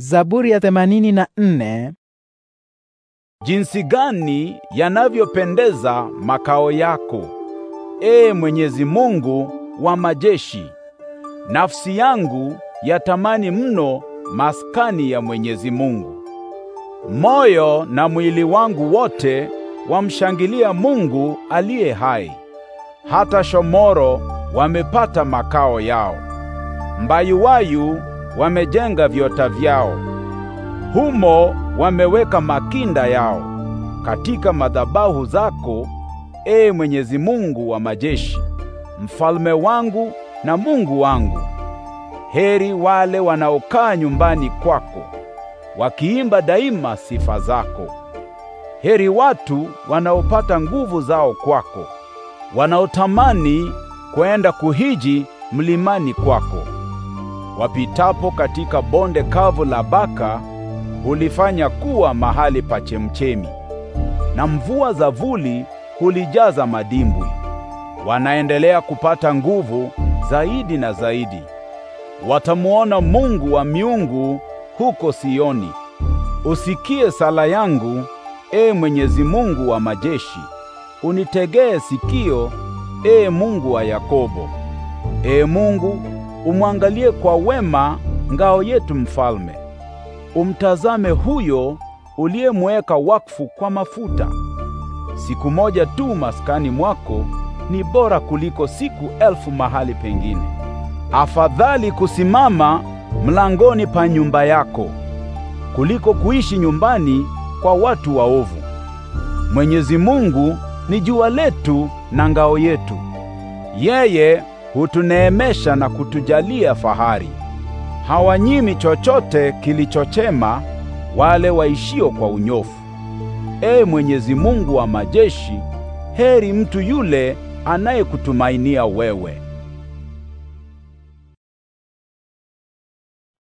Zaburi ya themanini na nne. Jinsi gani yanavyopendeza makao yako, Ee Mwenyezi Mungu wa majeshi! Nafsi yangu yatamani mno maskani ya Mwenyezi Mungu. Moyo na mwili wangu wote wamshangilia Mungu aliye hai. Hata shomoro wamepata makao yao, mbayuwayu wamejenga viota vyao, humo wameweka makinda yao, katika madhabahu zako, e Mwenyezi Mungu wa majeshi, mfalme wangu na Mungu wangu. Heri wale wanaokaa nyumbani kwako wakiimba daima sifa zako. Heri watu wanaopata nguvu zao kwako, wanaotamani kwenda kuhiji mlimani kwako wapitapo katika bonde kavu la Baka hulifanya kuwa mahali pa chemchemi, na mvua za vuli hulijaza madimbwi. Wanaendelea kupata nguvu zaidi na zaidi. Watamuona Mungu wa miungu huko Sioni. Usikie sala yangu, e Mwenyezi Mungu wa majeshi. Unitegee sikio, e Mungu wa Yakobo. E Mungu Umwangalie kwa wema ngao yetu mfalme, umtazame huyo uliyemweka wakfu kwa mafuta. Siku moja tu maskani mwako ni bora kuliko siku elfu mahali pengine. Afadhali kusimama mlangoni pa nyumba yako kuliko kuishi nyumbani kwa watu waovu. Mwenyezi Mungu ni jua letu na ngao yetu, yeye hutuneemesha na kutujalia fahari. Hawanyimi chochote kilichochema wale waishio kwa unyofu. Ee Mwenyezi Mungu wa majeshi, heri mtu yule anayekutumainia wewe.